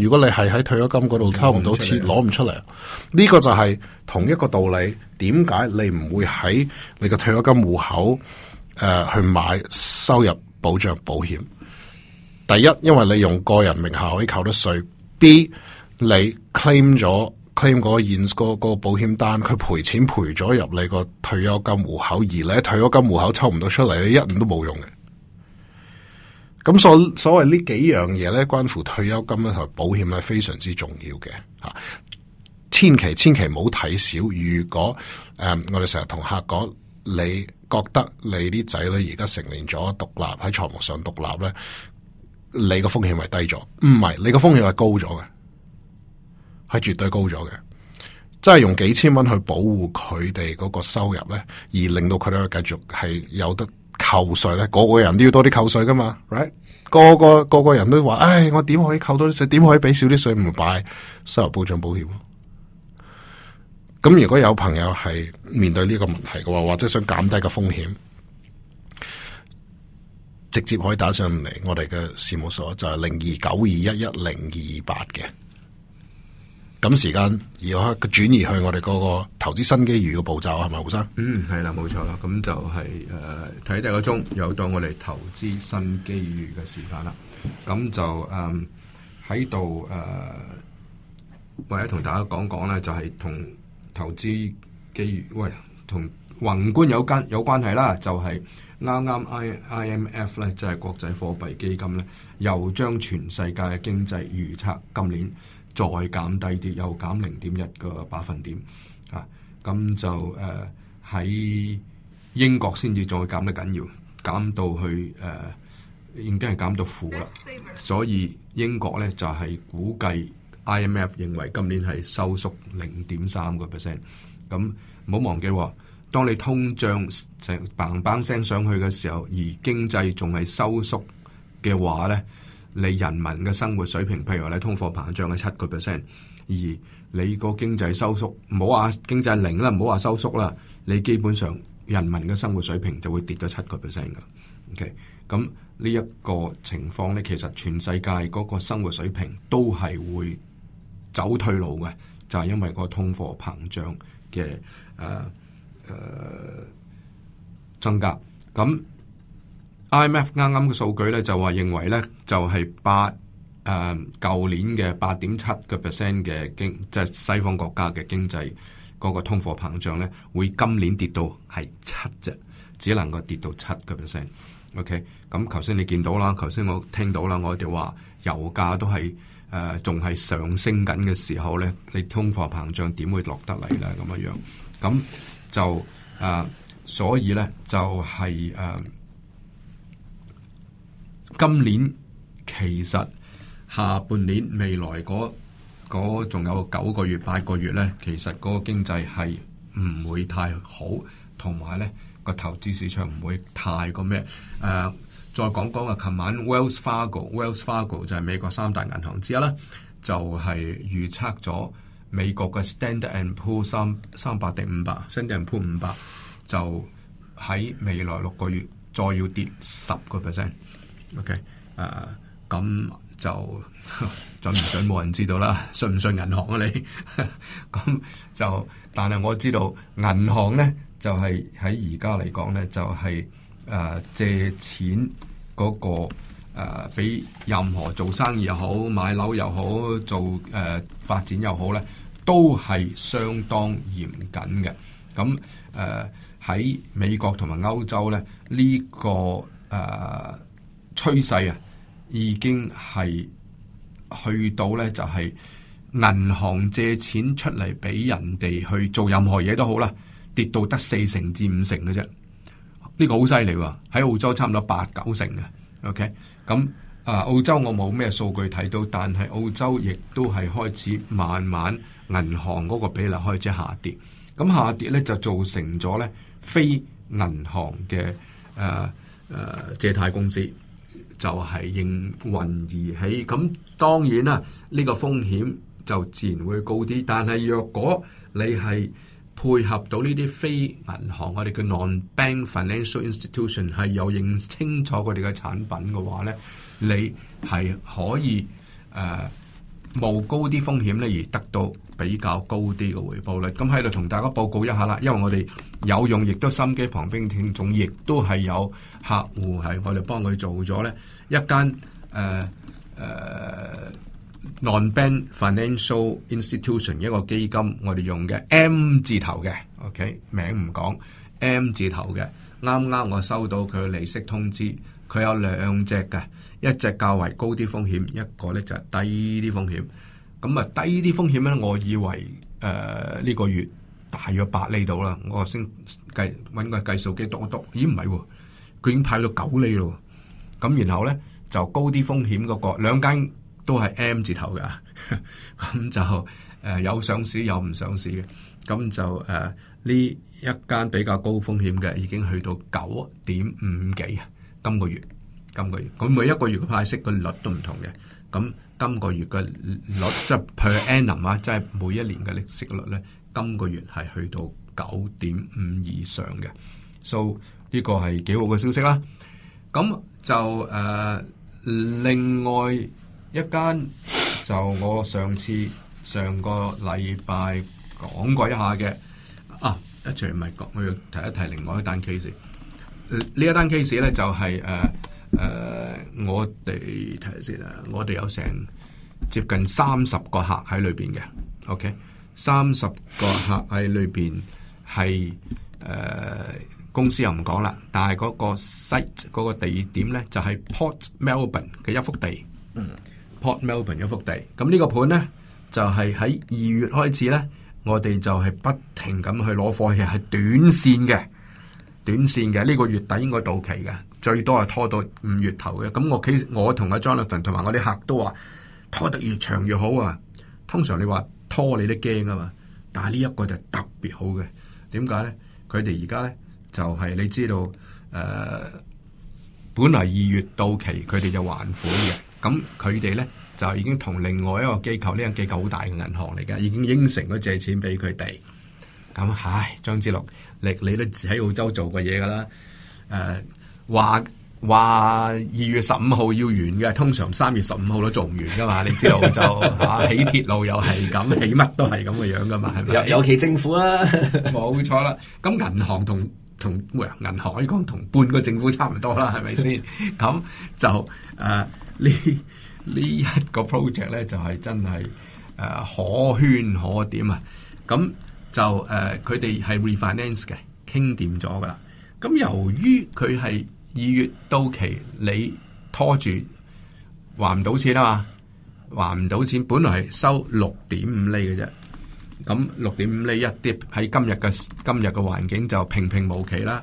如果你係喺退休金嗰度抽唔到錢，攞唔出嚟，呢、這個就係同一個道理。點解你唔會喺你個退休金戶口誒、呃、去買收入保障保險？第一，因為你用個人名下可以扣得稅；B，你 claim 咗 claim 嗰個 i n 嗰個保險單，佢賠錢賠咗入你個退休金戶口，而你喺退休金戶口抽唔到出嚟，你一文都冇用嘅。咁所所謂呢幾樣嘢咧，關乎退休金咧同保險咧，非常之重要嘅吓、啊。千祈千祈唔好睇小。如果誒、嗯，我哋成日同客講，你覺得你啲仔女而家成年咗，獨立喺財務上獨立咧，你個風險係低咗？唔係，你個風險係高咗嘅，係絕對高咗嘅。真係用幾千蚊去保護佢哋嗰個收入咧，而令到佢哋繼續係有得扣稅咧。個個人都要多啲扣稅噶嘛，right？個個個個人都話，唉，我點可以扣多啲稅？點可以畀少啲稅唔買收入保障保險？咁如果有朋友係面對呢個問題嘅話，或者想減低個風險，直接可以打上嚟我哋嘅事務所，就係零二九二一一零二八嘅。咁時間而家轉移去我哋嗰個投資新機遇嘅步驟啊，係咪胡生？嗯，係啦，冇錯啦，咁就係誒睇第二個鐘，又到我哋投資新機遇嘅時間啦。咁就誒喺度誒，或者同大家講講咧，就係、是、同投資機遇，喂，同宏觀有關有關係啦。就係、是、啱啱 IMF 咧，即係國際貨幣基金咧，又將全世界嘅經濟預測今年。再減低啲，又減零點一個百分點，啊，咁就誒喺英國先至再減得緊要，減到去誒已經係減到負啦。所以英國咧就係估計 IMF 認為今年係收縮零點三個 percent。咁唔好忘記喎，當你通脹成砰砰聲上去嘅時候，而經濟仲係收縮嘅話咧。你人民嘅生活水平，譬如話你通貨膨脹嘅七個 percent，而你個經濟收縮，唔好話經濟零啦，唔好話收縮啦，你基本上人民嘅生活水平就會跌咗七個 percent 噶。OK，咁呢一個情況咧，其實全世界嗰個生活水平都係會走退路嘅，就係因為個通貨膨脹嘅誒誒增加，咁。IMF 啱啱嘅數據咧就話認為咧就係八誒舊年嘅八點七個 percent 嘅經即係、就是、西方國家嘅經濟嗰、那個通貨膨脹咧會今年跌到係七隻，只能夠跌到七個 percent。OK，咁頭先你見到啦，頭先我聽到啦，我哋話油價都係誒仲係上升緊嘅時候咧，你通貨膨脹點會落得嚟咧咁樣樣？咁就誒、呃，所以咧就係、是、誒。呃今年其實下半年未來嗰仲有九個月八個月呢，其實嗰個經濟係唔會太好，同埋呢個投資市場唔會太過咩誒。再講講啊，琴晚 Wells Fargo Wells Fargo 就係美國三大銀行之一啦，就係預測咗美國嘅 Standard and Poor 三三百定五百 Standard and Poor 五百就喺未來六個月再要跌十個 percent。O.K. 啊，咁就準唔準冇人知道啦， 信唔信銀行啊你？咁 就，但係我知道銀行咧，就係喺而家嚟講咧，就係、是、誒、啊、借錢嗰、那個誒，俾、啊、任何做生意又好、買樓又好、做誒、啊、發展又好咧，都係相當嚴謹嘅。咁誒喺美國同埋歐洲咧，呢、這個誒。啊趨勢啊，已經係去到呢，就係銀行借錢出嚟俾人哋去做任何嘢都好啦，跌到得四成至五成嘅啫。呢個好犀利喎！喺澳洲差唔多八九成呀，OK。咁啊，澳洲我冇咩數據睇到，但係澳洲亦都係開始慢慢銀行嗰個比例開始下跌。咁下跌呢，就造成咗呢非銀行嘅誒誒借貸公司。就係應運而起，咁當然啦，呢個風險就自然會高啲。但係若果你係配合到呢啲非銀行，我哋嘅 non-bank financial institution 係有認清楚佢哋嘅產品嘅話呢，你係可以誒冒高啲風險咧，而得到，比較高啲嘅回報率，咁喺度同大家報告一下啦。因為我哋有用，亦都心機旁邊聽眾，亦都係有客戶喺我哋幫佢做咗呢一間誒誒、呃呃、non-bank financial institution 一個基金，我哋用嘅 M 字頭嘅，OK 名唔講 M 字頭嘅，啱啱我收到佢嘅利息通知，佢有兩隻嘅，一隻較為高啲風險，一個呢就係低啲風險。咁啊，低啲風險咧，我以為誒呢、呃這個月大約八厘度啦。我先計揾個計數機篤一篤，咦唔係喎，佢已經派到九厘咯。咁然後咧就高啲風險嗰、那個兩間都係 M 字頭㗎。咁就誒、呃、有上市有唔上市嘅。咁就誒呢、呃、一間比較高風險嘅已經去到九點五幾啊，今個月今個月，佢每一個月嘅派息個率都唔同嘅，咁。今個月嘅率，即係 per annum 啊，即係每一年嘅利息率咧，今個月係去到九點五以上嘅，So 呢個係幾好嘅消息啦。咁就誒、呃，另外一間就我上次上個禮拜講過一下嘅啊，一齊唔係講，我要提一提另外一單 case。呃、一件件呢一單 case 咧就係、是、誒。呃誒、uh，我哋睇下先啦，我哋有成接近三十個客喺裏邊嘅，OK，三十個客喺裏邊係誒，uh，公司又唔講啦，但係嗰個 site 嗰個地點咧就係、是、Port Melbourne 嘅一幅地，嗯，Port Melbourne 一幅地，咁呢個盤咧就係喺二月開始咧，我哋就係不停咁去攞貨嘅，係短綫嘅，短綫嘅，呢、這個月底應該到期嘅。最多係拖到五月頭嘅，咁我企我同阿 Jonathan 同埋我啲客都話拖得越長越好啊！通常你話拖你都驚啊嘛，但係呢一個就特別好嘅，點解咧？佢哋而家咧就係你知道誒、呃，本來二月到期，佢哋就還款嘅，咁佢哋咧就已經同另外一個機構，呢間機構好大嘅銀行嚟嘅，已經應承咗借錢俾佢哋。咁唉，張之陸，你你都喺澳洲做過嘢噶啦，誒、呃。話話二月十五號要完嘅，通常三月十五號都做唔完噶嘛？你知道就起鐵路又係咁，起乜都係咁嘅樣噶嘛？係 咪？尤其政府、啊、 沒錯啦，冇錯啦。咁銀行同同，哎、銀行可以講同半個政府差唔多啦，係咪先？咁 就誒呢呢一個 project 咧，就係、是、真係誒、啊、可圈可點啊！咁就誒，佢哋係 refinance 嘅，傾掂咗噶啦。咁由於佢係。二月到期，你拖住還唔到錢啊嘛？還唔到錢，本來收六點五厘嘅啫。咁六點五厘一跌，喺今日嘅今日嘅環境就平平無奇啦。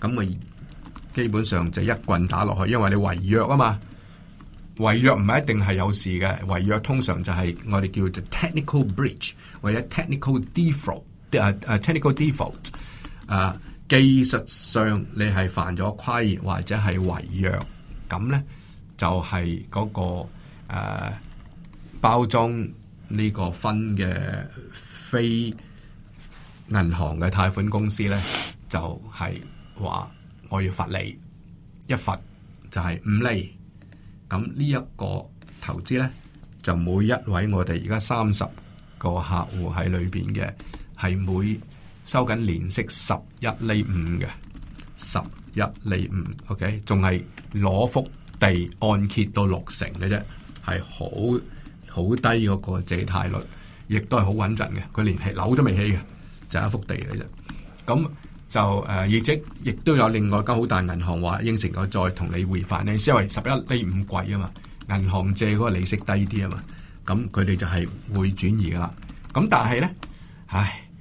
咁咪基本上就一棍打落去，因為你違約啊嘛。違約唔係一定係有事嘅，違約通常就係我哋叫做 technical breach 或者 technical default 啊、uh, technical default 啊、uh。技術上你係犯咗規或者係違約，咁咧就係嗰、那個誒、啊、包裝呢個分嘅非銀行嘅貸款公司咧，就係、是、話我要罰你一罰就係五厘，咁呢一個投資咧，就每一位我哋而家三十個客戶喺裏邊嘅係每。收緊年息十一厘五嘅，十一厘五，OK，仲係攞幅地按揭到六成嘅啫，係好好低嗰個借貸率，亦都係好穩陣嘅。佢連係扭都未起嘅，就係一幅地嘅啫。咁就誒，而且亦都有另外間好大銀行話應承我再同你匯返，你因為十一厘五貴啊嘛，銀行借嗰個利息低啲啊嘛，咁佢哋就係會轉移㗎啦。咁但係咧，唉～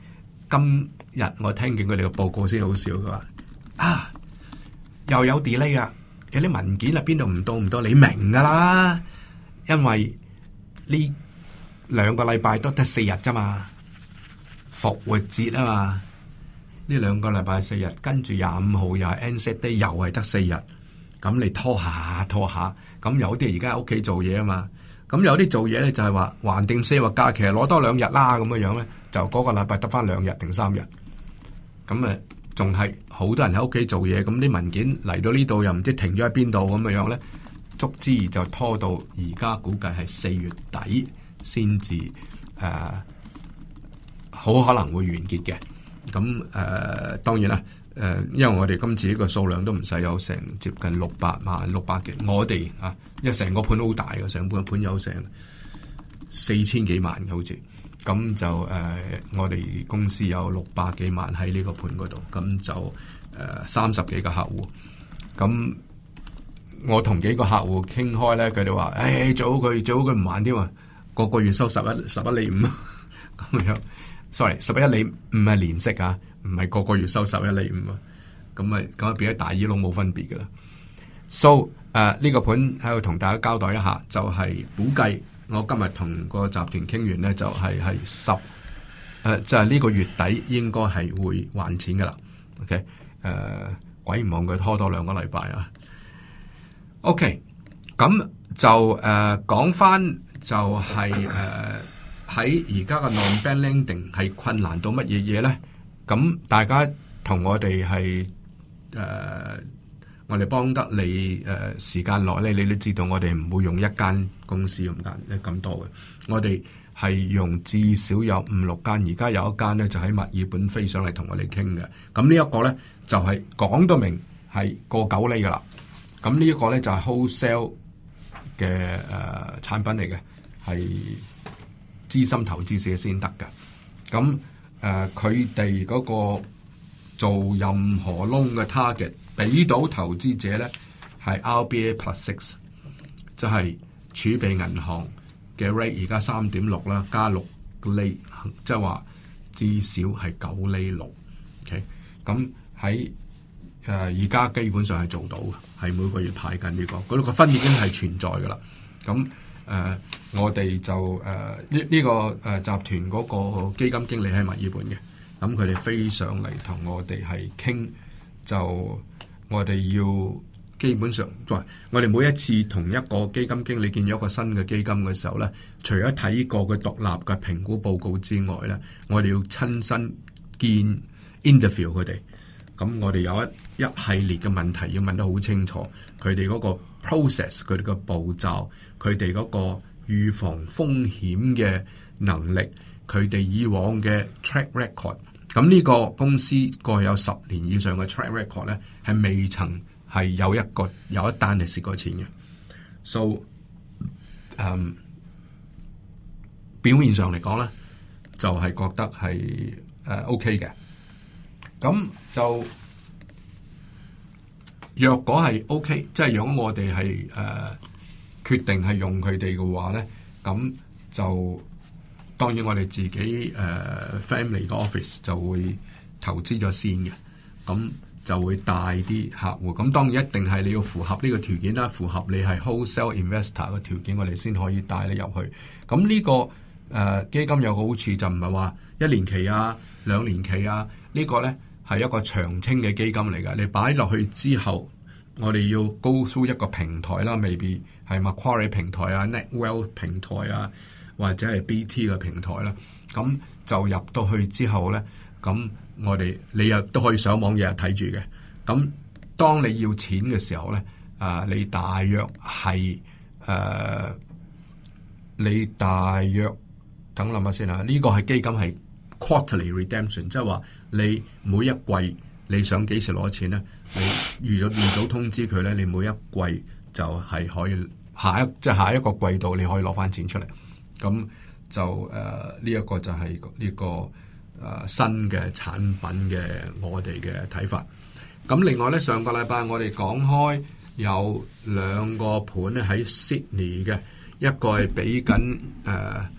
今日我聽見佢哋嘅報告先好笑，佢話啊又有 delay 啊，有啲文件啊邊度唔到唔到，你明噶啦，因為呢兩個禮拜都得四日咋嘛，復活節啊嘛，呢兩個禮拜四日，跟住廿五號又係 Anzac Day，又係得四日，咁你拖下拖下，咁有啲而家喺屋企做嘢啊嘛，咁有啲做嘢咧就係話還定四日假期攞多兩日啦，咁樣樣咧。就嗰個禮拜得翻兩日定三日，咁誒仲係好多人喺屋企做嘢，咁啲文件嚟到呢度又唔知停咗喺邊度咁嘅樣咧，足之就拖到而家估計係四月底先至誒，好、啊、可能會完結嘅。咁誒、啊、當然啦，誒、啊、因為我哋今次呢個數量都唔使有成接近六百萬六百幾，我哋啊，因為成個盤好大嘅，成個盤有成四千幾萬好似。咁就誒、呃，我哋公司有六百幾萬喺呢個盤嗰度，咁就誒三十幾個客戶。咁我同幾個客戶傾開咧，佢哋話，誒，最好佢最好佢唔玩添啊，個個月收十一十一厘五，咁樣。Sorry，十一厘五係年息啊，唔係個個月收十一厘五啊。咁咪咁啊，變咗大耳窿冇分別噶啦。So 誒、呃，呢、這個盤喺度同大家交代一下，就係、是、估計。我今日同個集團傾完咧，就係、是、係十，誒、呃、就係、是、呢個月底應該係會還錢噶啦。OK，誒、呃、鬼唔望佢拖多兩個禮拜啊。OK，咁就誒、呃、講返就係誒喺而家嘅 non-bank lending 係困難到乜嘢嘢咧？咁大家同我哋係誒。呃我哋幫得你誒時間內咧，你都知道我哋唔會用一間公司咁單，即係咁多嘅。我哋係用至少有五六間，而家有一間咧就喺墨爾本飛上嚟同我哋傾嘅。咁呢一個咧就係講得明係過九厘噶啦。咁呢一個咧就係 wholesale 嘅誒產品嚟嘅，係資深投資者先得嘅。咁誒佢哋嗰個做任何窿嘅 target。喺度投資者咧係 RBA plus six，就係儲備銀行嘅 rate 而家三點六啦，加六厘，即係話至少係九厘六，okay? OK，咁喺誒而家基本上係做到嘅，係每個月派緊呢個，嗰、嗰個分已經係存在噶啦。咁誒、呃，我哋就誒呢呢個誒集團嗰個基金經理喺墨爾本嘅，咁佢哋飛上嚟同我哋係傾就。我哋要基本上都係，我哋每一次同一個基金經理見咗一個新嘅基金嘅時候咧，除咗睇過佢獨立嘅評估報告之外咧，我哋要親身見 interview 佢哋。咁我哋有一一系列嘅問題要問得好清楚，佢哋嗰個 process，佢哋嘅步驟，佢哋嗰個預防風險嘅能力，佢哋以往嘅 track record。咁呢個公司過去有十年以上嘅 track record 咧，係未曾係有一個有一單係蝕過錢嘅。所以，表面上嚟講咧，就係、是、覺得係誒、uh, OK 嘅。咁就若果係 OK，即係如果我哋係誒決定係用佢哋嘅話咧，咁就。當然我哋自己誒、uh, family 個 office 就會投資咗先嘅，咁就會帶啲客戶。咁當然一定係你要符合呢個條件啦，符合你係 wholesale investor 個條件，我哋先可以帶你入去。咁呢、呢個誒、uh, 基金有個好處就唔係話一年期啊、兩年期啊，呢個、呢個咧係一個長青嘅基金嚟㗎。你擺落去之後，我哋要 go through 一個平台啦，未必係 Macquarie 平台啊、Netwell 平台啊。或者係 BT 嘅平台啦，咁就入到去之後咧，咁我哋你又都可以上網日日睇住嘅。咁當你要錢嘅時候咧，啊，你大約係誒、啊，你大約等我諗下先嚇。呢個係基金係 quarterly redemption，即係話你每一季你想幾時攞錢咧，你預咗預早通知佢咧，你每一季就係可以下一即係下一個季度你可以攞翻錢出嚟。咁就誒呢一個就係呢、呢個、呃、新嘅產品嘅我哋嘅睇法。咁另外咧，上個禮拜我哋講開有兩個盤咧喺 Sydney 嘅，一個係畀緊、呃、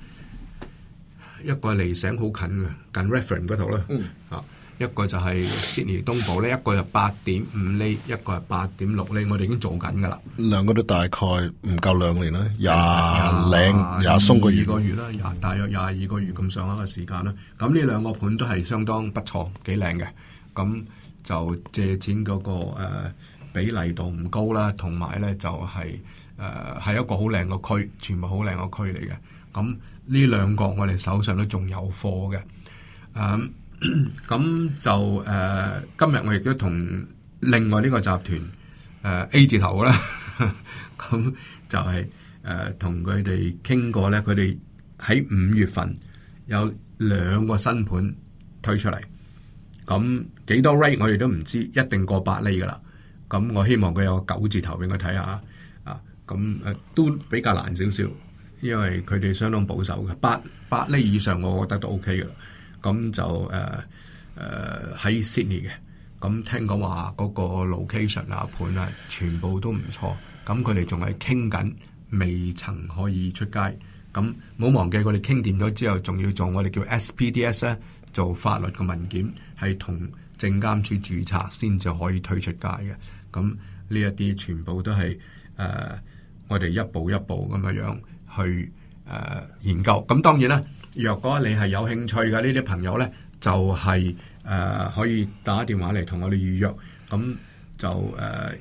一個離醒好近嘅，近 Reference 嗰度啦，嗯啊一個就係悉尼東部咧，一個就八點五厘，一個係八點六厘。我哋已經做緊噶啦。兩個都大概唔夠兩年啦，廿零廿送過二個月啦，廿大約廿二個月咁上下嘅時間啦。咁呢兩個盤都係相當不錯，幾靚嘅。咁就借錢嗰、嗰個、呃、比例度唔高啦，同埋咧就係誒係一個好靚個區，全部好靚個區嚟嘅。咁呢兩個我哋手上都仲有貨嘅。咁、呃咁 就誒、呃，今日我亦都同另外呢個集團誒、呃、A 字頭啦，咁就係誒同佢哋傾過咧，佢哋喺五月份有兩個新盤推出嚟，咁幾多 rate 我哋都唔知，一定過八厘噶啦。咁我希望佢有九字頭俾我睇下，啊咁誒、啊、都比較難少少，因為佢哋相當保守嘅，八八厘以上我覺得都 OK 噶啦。咁、嗯、就誒誒喺 Sydney 嘅，咁、呃呃嗯、聽講話嗰個 location 啊、盤啊，全部都唔錯。咁佢哋仲係傾緊，未曾可以出街。咁、嗯、冇忘記，佢哋傾掂咗之後，仲要做我哋叫 SPDS 咧，做法律嘅文件，係同證監處註冊先至可以推出街嘅。咁呢一啲全部都係誒、呃，我哋一步一步咁樣樣去誒、呃、研究。咁、嗯、當然啦。若果你係有興趣嘅呢啲朋友呢，就係、是、誒、呃、可以打電話嚟同我哋預約。咁就誒、呃，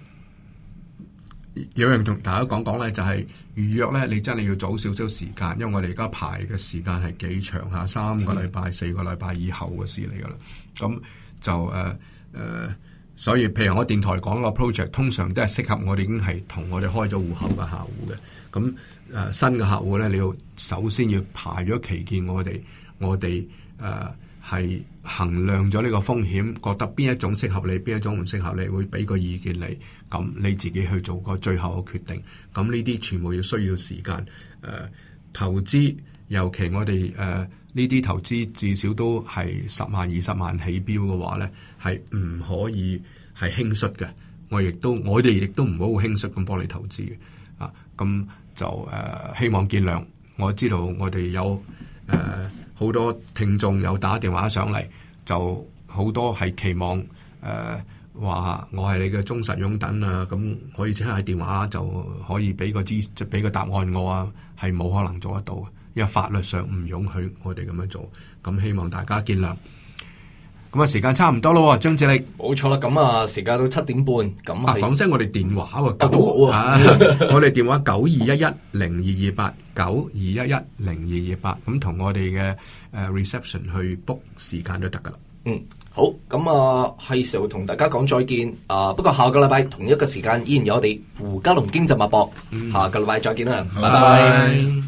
有人同大家講講呢，就係、是、預約呢，你真係要早少少時間，因為我哋而家排嘅時間係幾長下，三個禮拜、四個禮拜以後嘅事嚟㗎啦。咁就誒誒。呃呃所以，譬如我電台講個 project，通常都係適合我哋已經係同我哋開咗戶口嘅客戶嘅。咁誒新嘅客戶咧，你要首先要排咗期見我哋，我哋誒係衡量咗呢個風險，覺得邊一種適合你，邊一種唔適合你，會俾個意見你。咁你自己去做個最後嘅決定。咁呢啲全部要需要時間誒啊投資。尤其我哋誒呢啲投資，至少都係十萬二十萬起標嘅話咧，係唔可以係輕率嘅。我亦都我哋亦都唔好輕率咁幫你投資嘅。啊，咁就、呃、希望見諒。我知道我哋有誒好、呃、多聽眾有打電話上嚟，就好多係期望誒話、呃、我係你嘅忠實擁躉啊。咁可以即刻喺電話就可以俾個知，即俾個答案我啊，係冇可能做得到。因為法律上唔允許我哋咁樣做，咁希望大家見諒。咁啊，時間差唔多咯，張智力，冇錯啦。咁啊，時間到七點半，咁啊，講聲我哋電話九，9, 我哋、啊啊、 電話九二一一零二二八九二一一零二二八，咁同我哋嘅誒 reception 去 book 時間都得噶啦。嗯，好，咁啊係時候同大家講再見。啊，不過下個禮拜同一個時間依然有我哋胡嘉龍經濟脈搏，嗯、下個禮拜再見啦，拜拜。Bye bye bye bye